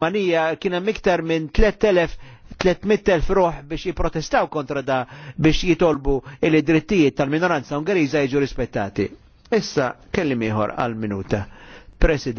Manija kien hemm iktar minn 3.000 ruħ biex jipprotestaw kontra da biex jitolbu il-drittijiet tal-minoranza Ungeriża jiġu rispettati. Issa kellim ieħor għal minuta. President.